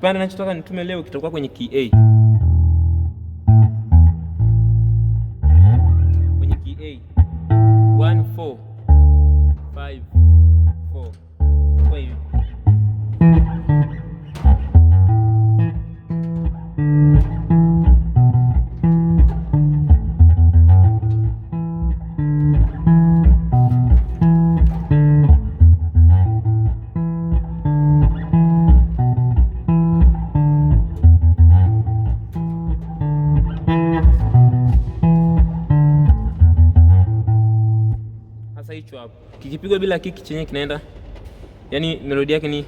Kipande nachotaka nitume leo kitakuwa kwenye KA. kichwa hapo, kikipigwa bila kiki chenye kinaenda, yaani melodi yake ni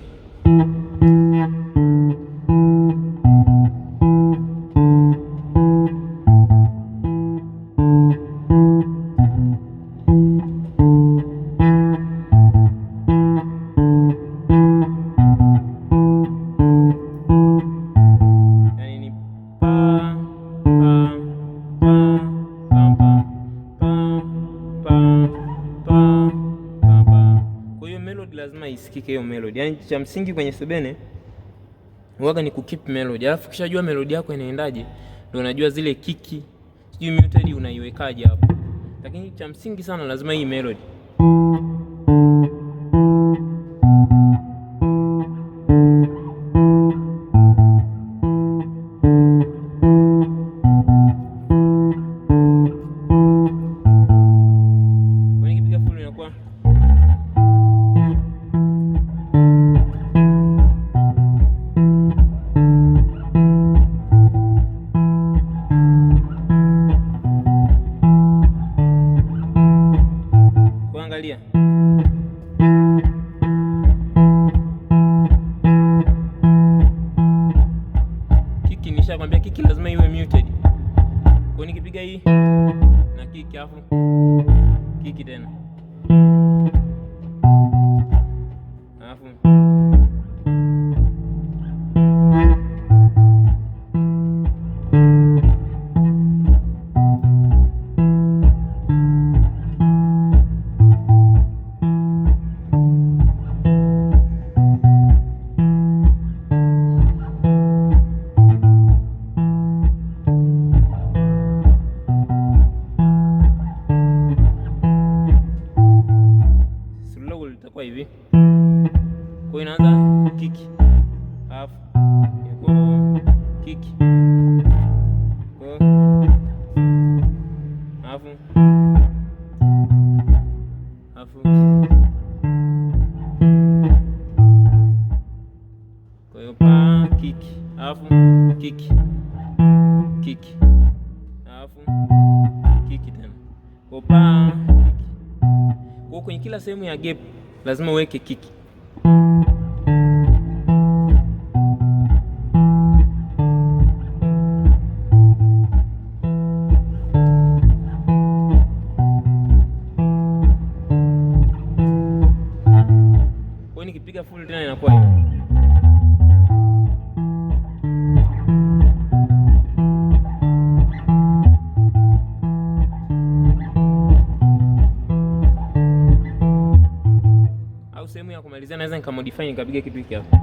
isikike hiyo melody. Yani cha msingi kwenye sebene huaga ni keep melody. Alafu kishajua melody yako inaendaje, ndio unajua zile kiki sijui muted unaiwekaje hapo, lakini cha msingi sana lazima hii melody Angalia. Kiki nishakwambia kiki lazima iwe muted. Kwa nikipiga hii na kiki afu kiki tena hivi, kwa inaanza kiki, alafu inakuwa kiki, alafu alafu kwa hiyo pa kiki, alafu kiki kiki, alafu kiki tena kwa pa kiki, kwa kwenye kila sehemu ya gap lazima uweke kiki nikamodify nikapiga kitu hiki hapa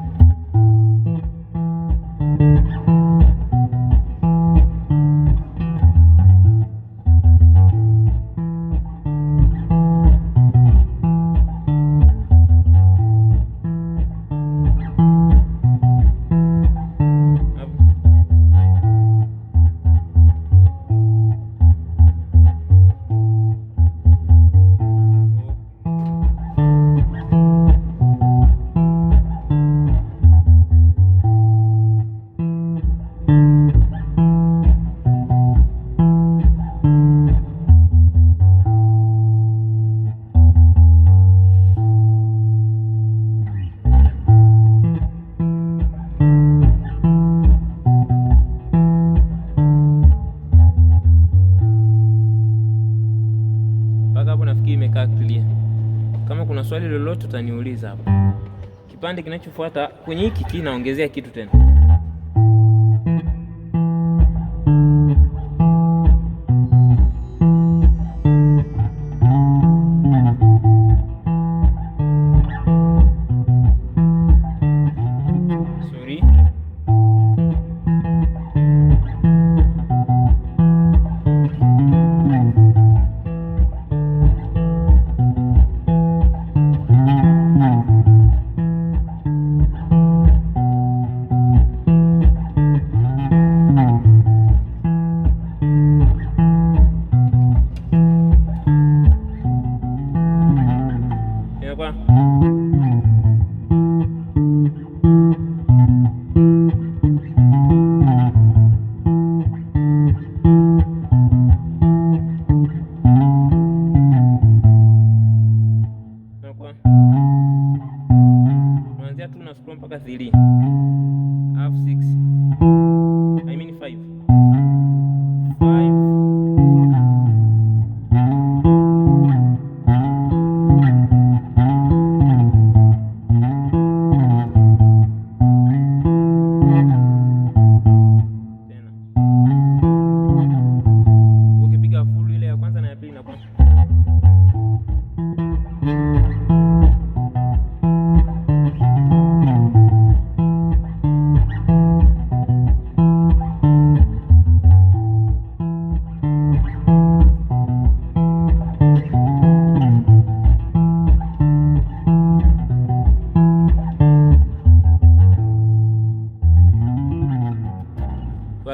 swali lolote utaniuliza hapo. Kipande kinachofuata kwenye hiki kinaongezea kitu tena. Спасибо.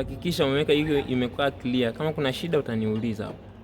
hakikisha umeweka hiyo, imekuwa clear. Kama kuna shida utaniuliza hapo.